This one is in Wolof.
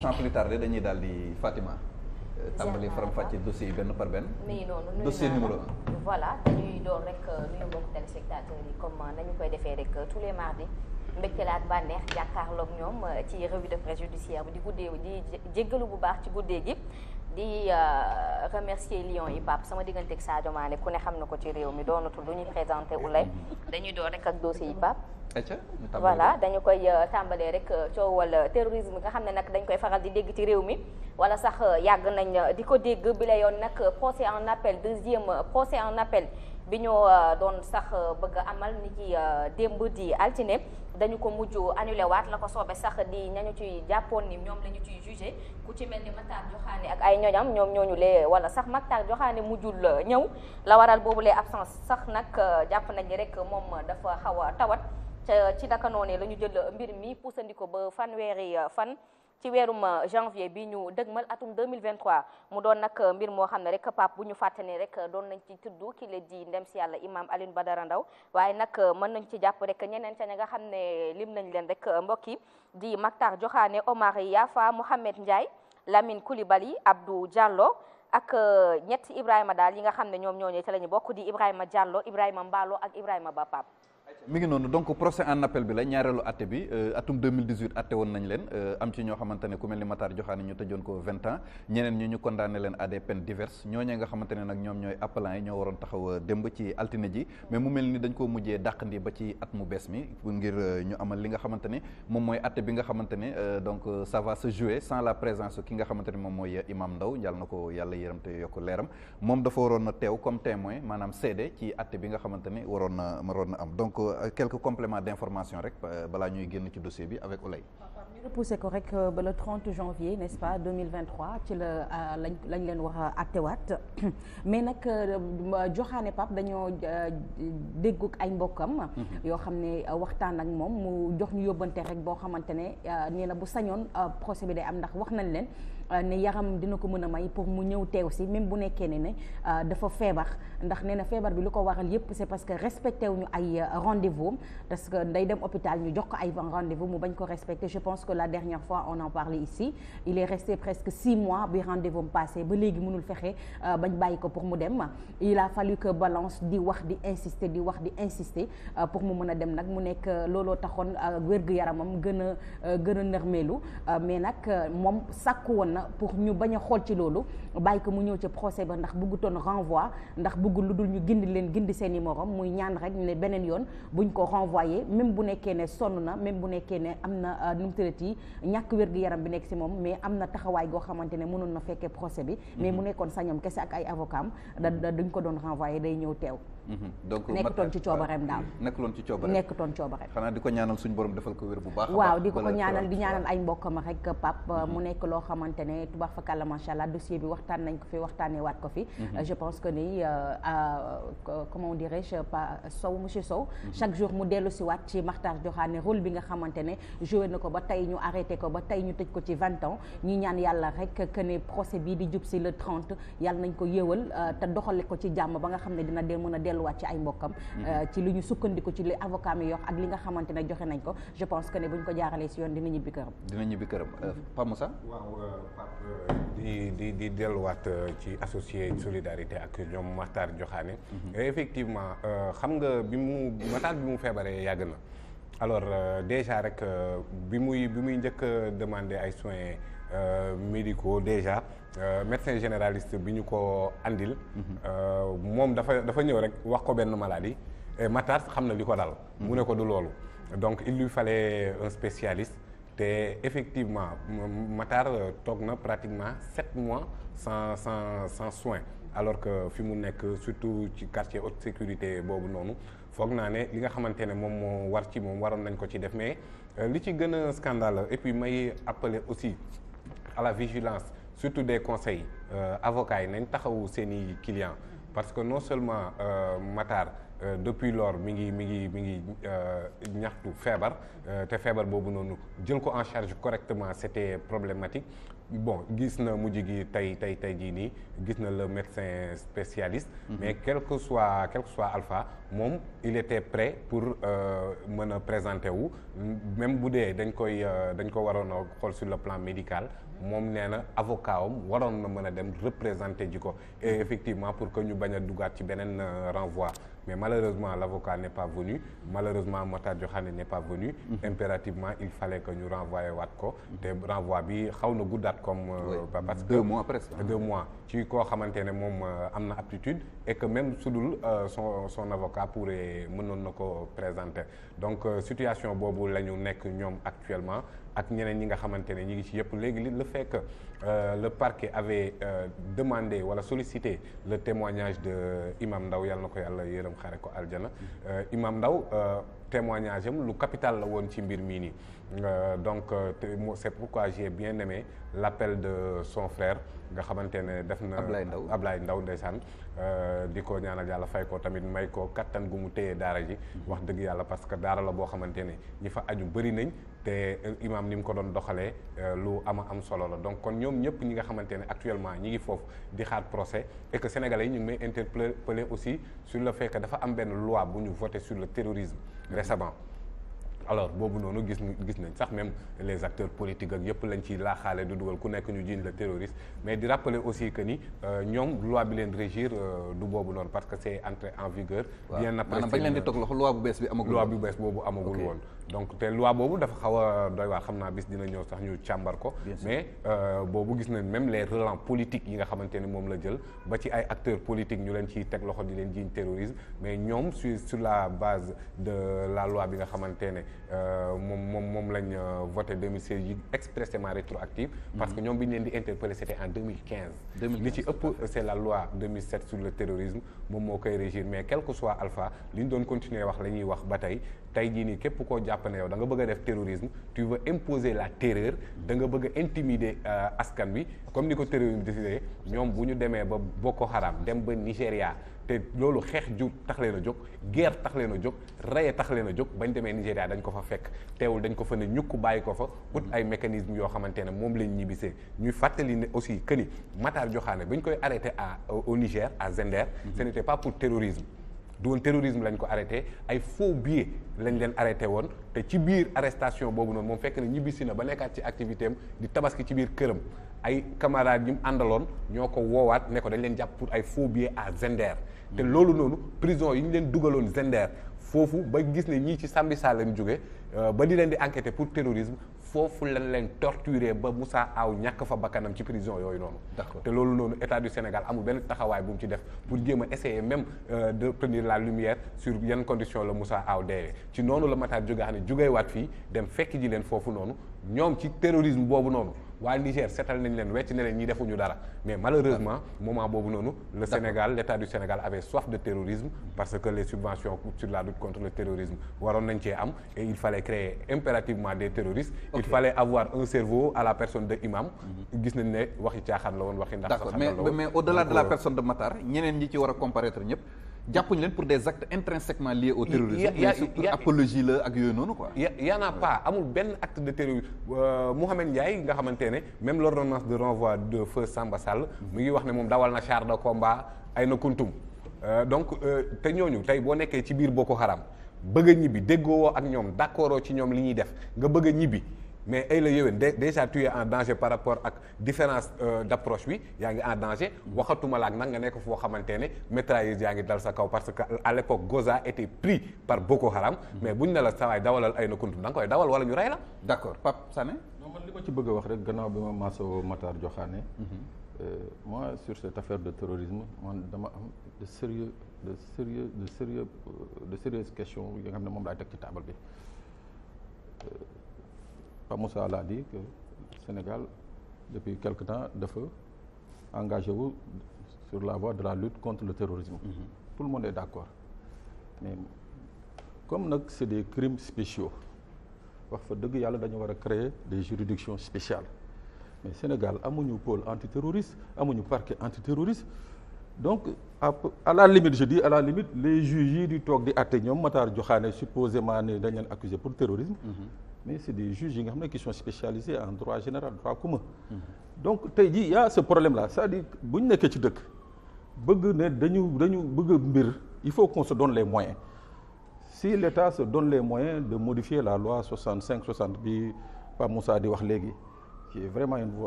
sans plus tarder dañuy daal di Fatima. Euh, tàmbali faram-fàccee dossier yi benn par benn. mi noonu voilà dañuy door rek euh, nuyu mbokk téléspectateurs yi comme euh, nañu koy defee rek tous les mardis mbégte la ak bànneex jàkkaarloog ñoom ci revue de presse judiciaire bi di guddee di jéggalu bu baax ci guddee gi. di remercier Lions yi Pape sama diggante ak Sadio Mané ku ne xam na ko ci réew mi doonatul lu ñuy présenté Oulay mm-hmm. dañuy door rek ak dossier yi Pape. voilà dañu koy euh, tàmbalee rek euh, coowal euh, terrorisme nga xam ne nag dañ koy faral di dégg ci réew mi wala sax yàgg nañ di ko dégg bi la yoon nag procès en appel deuxième procès en appel bi ñoo doon sax bëgg amal ni ci démb di altine dañu ko mujj annulé waat la ko soobee sax di ñañu ciy jàppoon ni ñoom la ñu ciy jugé ku ci mel ni Matar Joxaane ak ay ñoñam ñoom ñooñu lee wala sax Matar Joxaane mujjul ñëw la waral boobu lee absence sax nag jàpp nañ rek moom dafa xaw a tawat ca ci naka noone la ñu jël euh, mbir mi puusandiko ba fanweeri euh, fan ci weerum euh, janvier bi ñu dëgmal atum 2023 mu doon nag mbir moo xam ne rek pap bu ñu fàtte ne rek doon nañ ci tudd ki la di ndem si yàlla imam Alioune Badara ndaw waaye nag mën nañ ci jàpp rek ñeneen ca ña nga xam ne lim nañ leen rek mbokki di Maktar Joxaane Omar Yafa Mohamed Ndiaye Lamine Coulibaly Abdou Diallo ak ñetti Ibrahima daal yi nga xam ne ñoom ñooñee ca la ñu bokk di Ibrahima Diallo Ibrahima Mballo ak Ibrahima Ba mi ngi noonu donc procès en appel bi la ñaareelu atte bi euh, atum 2018 atte woon nañ leen euh, am ci ñoo xamante ne ku mel ni Matar Joxaane ñu tëjoon ko 20 ans ñeneen ñi ñu condamné leen à des peines diverses ñooñee nga xamante ne nag ñoom ñooy appelants yi ñoo waroon taxaw euh, démb ci altine ji mais mu mel ni dañ koo mujjee dàqandi ba ci at mu bees mi ngir ñu amal li nga xamante ne moom mooy atte bi nga xamante ne donc ça va se jouer sans la présence ki nga xamante ne moom mooy Imam Ndaw yàlla na ko yàlla yërëm te yokk leeram moom dafa waroon na teew comme témoin maanaam seede ci atte nga xamante ne waroon na waroon na am donc quelques compléments d'information rek euh, balaa ñuy génn ci dossier bi avec Ouleye. ñu repoussé ko rek euh, ba le 30 janvier n'est-ce pas 2023 ci la euh, lañ lañ leen wax a àttewaat mais nag joxaane Pape dañoo déggoog ay mbokkam. Mhm. yoo xam ne waxtaan ak moom mu jox ñu yóbbante rek boo xamante ne nee na bu sañoon procès bi day am ndax wax nañ leen. Euh, ne yaram dina ko mën a may pour mu ñëw teew si même bu nekkee ne ne euh, dafa feebar ndax nee na feebar bi lu ko waral yépp c'est parce que respecté wuñu ay euh, rendez-vous parce que day dem hôpital ñu jox ko ay rendez-vous mu bañ ko respecté je pense que la dernière fois on en parlait ici il est resté presque six mois bi rendez-vous mu passé ba léegi mënul fexe bañ bàyyi ko pour mu dem il a fallu que balance di wax di insister di wax di insisté pour mu mën a dem nag mu nekk looloo taxoon wér-gu-yaramam gën a gën a nërmeelu mais nag moom sàkku woon na na pour ñu bañ a xool ci loolu bàyyi ko mu ñëw ca procès ba ndax bëggutoon renvoi ndax bëggul lu dul ñu gindi leen gindi seen i morom muy ñaan rek ne beneen yoon buñ ko renvoyé même bu nekkee ne sonn na même bu nekkee ne am na euh, nu mu tëddati ñàkk wér gu yaram bi nekk si moom mais am na taxawaay goo xamante ne mënul na fekkee procès bi mais mu mhm. nekkoon sañam kese ak ay avocat am da duñ ko doon renvoyé day ñëw teew Mhm. donc toon ci coobareem daal nekkuloon ci coobareem nekkutoon coobareem xanaa di ko ñaanal suñu borom defal ko wér bu baax waaw di ko ko ñaanal di ñaanal ay mbokkam rek pap mhm. mu nekk loo xamante ne tubaab fakàlla macha allah dossier bi waxtaan nañ ko fi waxtaanee waat ko fi mhm. euh, je pense que ni euh, comment dirais-je pa Sow monsieur Sow chaque jour mu dellu si waat ci Makhtar ne rôle bi nga xamante ne joué na ko ba tey ñu arrêté ko ba tey ñu tëj ko ci vingt ans ñu ñaan yàlla rek que procès bii di jub si le 30 yàlla nañ ko yéewal euh, te doxale ko ci jàmm ba nga xam ne dina dee mën a dellu delluwaat ci ay mbokkam mm-hmm. euh, ci li ñu sukkandiku ci li avocat mi yox ak li nga xamante ne joxe nañ ko je pense que ne bu ñu ko jaaralee si yoon dina ñibbi këram dina ñibbi këram euh, mm-hmm. Pa Moussa waaw euh, Pape di di di delluwaat ci associé solidarité ak ñoom Matar Joxaane mm-hmm. effectivement xam nga bi mu Matar bi mu feebaree yàgg na alors déjà rek bi muy bi muy njëkk demandé ay soins Euh, médicaux déjà euh, médecin généraliste bi ñu ko andil. Euh, moom dafa dafa ñëw rek wax ko benn maladie et xam na li ko dal. mu ne ko du loolu. donc il lui fallait un spécialiste te effectivement Matar toog na pratiquement sept mois sans sans sans soin alors que fi mu nekk surtout ci quartier haute sécurité boobu noonu foog naa ne li nga xamante ne moom moo war ci moom waroon nañ ko ci def mais li ci gën a scandale et puis may appeler aussi. à la vigilance surtout des conseils euh, avocats yi nañ taxawu seen i clients parce que non seulement euh, Matar Euh, depuis lors mi ngi mi ngi mi ngi euh, ñaxtu feebar euh, te feebar boobu noonu jël ko en charge correctement c'était problématique bon gis na mujj gi tey tey tey jii nii gis na le médecin spécialiste mm-hmm. mais quel que soit quel que Alpha moom il était prêt pour mën a présenter wu même bu dee dañ koy dañ ko waroon a xol sur le plan médical moom nee na avocat am waroon na mën a dem représenter ji ko et effectivement pour que ñu bañ a dugaat ci beneen renvoi mais malheureusement l'avocat n'est pas venu malheureusement Matar Diokhane ne pas venu mhm. impérativement il fallait que ñu renvoyé waat ko mhm. te renvoi bi xaw na guddaat comme euh, parce que deux mois presque deux mois ci koo xamante ne moom euh, am na aptitude et que même sudul euh, son son avocat mën mënoon na ko présenter donc situation boobu la ñu nekk ñoom actuellement ak ñeneen ñi nga xamante ne ñi ngi ci yëpp léegi li le fait que euh, le parquet avait euh, demandé wala sollicité le témoignage de euh, Imam Ndaw yàlla na ko yàlla yërëm xare ko aljana Imam Ndaw témoignage am lu capital la woon ci mbir mii nii donc c'est pourquoi j'ai bien aimé l'appel de son frère nga xamante ne def na Ablaye Ndaw Ablaye Ndaw ndeysaan euh, di ko ñaanal yàlla fay ko tamit may ko kattan gu mu téyee daara ji wax dëgg yàlla parce que daara la boo xamante ne ñi fa aju bëri nañ te imaam ni mu ko doon doxalee euh, lu ama am solo la donc kon ñoom ñëpp ñi nga xamante ne actuellement ñi ngi foofu di xaar procès et que yi ñu ngi may interpellé aussi sur la fait dafa am benn loi bu ñu voté sur le terrorisme récemment alors boobu noonu gis gis nañ sax même les acteurs politiques ak yëpp lañ ci laaxaale du dugal ku nekk ñu jiiñ la terroriste mais di rappeler aussi que ni euh, ñoom loi bi leen régir euh, du boobu noonu parce que c'est entré en vigueur bien après maanaam bañ leen di toog loxo loi bu bees bi amagul loi bu bees boobu amagul woon donc te loi boobu dafa xaw a doy waar xam naa bis dina ñëw sax ñu càmbar ko. mais euh, boobu gis nañ même les relents politiques yi nga xamante ni moom la jël ba ci ay acteurs politiques ñu leen ciy teg loxo di leen jiiñ terrorisme mais ñoom sur sur la base de la loi bi nga xamante ne euh, moom moom moom lañ euh, voté 2016 yi expressément rétroactive. parce que mm-hmm. ñoom bi leen di interpellé c' était en 2015. 2015 li ci ëpp c' la loi sur le terrorisme moom moo koy régir mais quel que soit alpha li doon continuer wax la ñuy wax ba tey jàpp ne yow da nga bëgg a def terrorisme tu veux imposer la terreur da nga bëgg a intimider euh, askan bi comme ni ko terrorisme décidé ñoom bu ñu demee ba Boko Haram dem ba Nigéria te loolu xeex ju tax leen a jóg guerre tax leen a jóg raye tax leen a jóg bañ demee Nigéria dañ ko fa fekk teewul dañ ko fa ne ñukk bàyyi ko fa ut ay mécanismes yoo xamante ne moom lañ ñibbisee ñuy fàttali ne aussi que ni Matar Diokhane ba koy arrêté à au Niger à Zender ce n'était pas pour terrorisme du woon lañ ko arrêté ay faux billets lañ leen arrêté woon te ci biir arrestation boobu noonu moom fekk na ñibbisi na ba nekkaat ci activité am di tabaski ci biir këram ay camarades ñu mu àndaloon ñoo ko woowaat ne ko dañ leen jàpp pour ay faux billets à Zender. te loolu noonu prison yi ñu leen dugaloon Zender foofu ba gis ne ñii ci Sambi Sall lañ jóge euh, ba di leen di enquêter pour terrorisme foofu lañ leen torturer ba Moussa Aw ñàkk fa bakkanam ci prison yooyu noonu. d'accord te loolu noonu état du Sénégal amul benn taxawaay bu mu ci def pour jéem a essayer même euh, de prendre la lumière sur yan condition la Moussa Aw deewee ci noonu la Matar Diop nga xam ne jugee waat fii dem fekk ji leen foofu noonu. ñoom ci terrorisme boobu noonu waa Niger seetal nañ leen wecc ne leen ñi defuñu dara mais malheureusement moment boobu noonu le Sénégal l' du Sénégal avait soif de terrorisme parce que les subventions sur la lutte contre le terrorisme waroon nañ cee am et il fallait créer impérativement des terroristes il fallait avoir un cerveau à la personne de imam mhm. gis nañ ne waxi caaxaan la woon waxi ndax mais mais au de la euh, personne de Matar ñeneen ñi ci war a comparaître ñëpp jàppuñu leen pour des actes intrinsèquement liés au terrorisme mais surtout apologie la ak yooyu noonu quoi y en a pas amul benn acte de terrorisme euh, Mouhamed Ndiaye nga xamante ne même l'ordonnance de renvoi de feu Samba Sall mu ngi wax ne moom dawal na char de combat ay na kuntum euh, donc euh, te ñooñu tey boo nekkee ci biir Boko Haram bëgg a ñibbi déggoo ak ñoom d'accord ci ñoom li ñuy def nga bëgg a ñibbi mais ay la yéwén déjà tu en danger par rapport ak différence euh, d'approche bi yaa ngi en danger waxatuma laak nag nga nekk foo xamante ne mitrailleuse yaa ngi dal sa kaw parce que à l'époque Goza était pris par Boko Haram mm-hmm. mais bu buñ ne la sawaay dawalal ay na kuntum da nga koy dawal wala ñu rey la d'accord Pape Sané non li ma ci bëgg a wax rek gannaaw bi ma maasoo Matar Joxaane mm-hmm. euh, moi sur cette affaire de terrorisme man dama am de sérieux de sérieux de sérieux euh, de sérieuses questions xam ne moom laay teg ci table bi Pape Moussa l'a dit que Sénégal depuis quelque temps dafa engagé wu sur la voie de la lutte contre le terrorisme. Mm -hmm. tout le monde est d'accord mais comme nag c'est des crimes spéciaux wax fa dëgg yàlla dañu war a créer des juridictions spéciales mais Sénégal amuñu pôle antiterroriste amuñu parquet antiterroriste donc à, à la limite je dis à la limite les juges yi di toog di àtte ñoom Matar Joxaane supposément ne dañ leen accusé pour terrorisme. Mm -hmm. mais c'est des juges yi nga xam ne qui sont spécialisés en droit général droit commun mhm. donc tey jii y ce problème là cest à bu ñu nekkee ci dëkk bëgg ne dañu dañu bëgg mbir il faut qu'on se donne les moyens si l'État se donne les moyens de modifier la loi 65 60 bi Pape Moussa di wax léegi qui vraiment une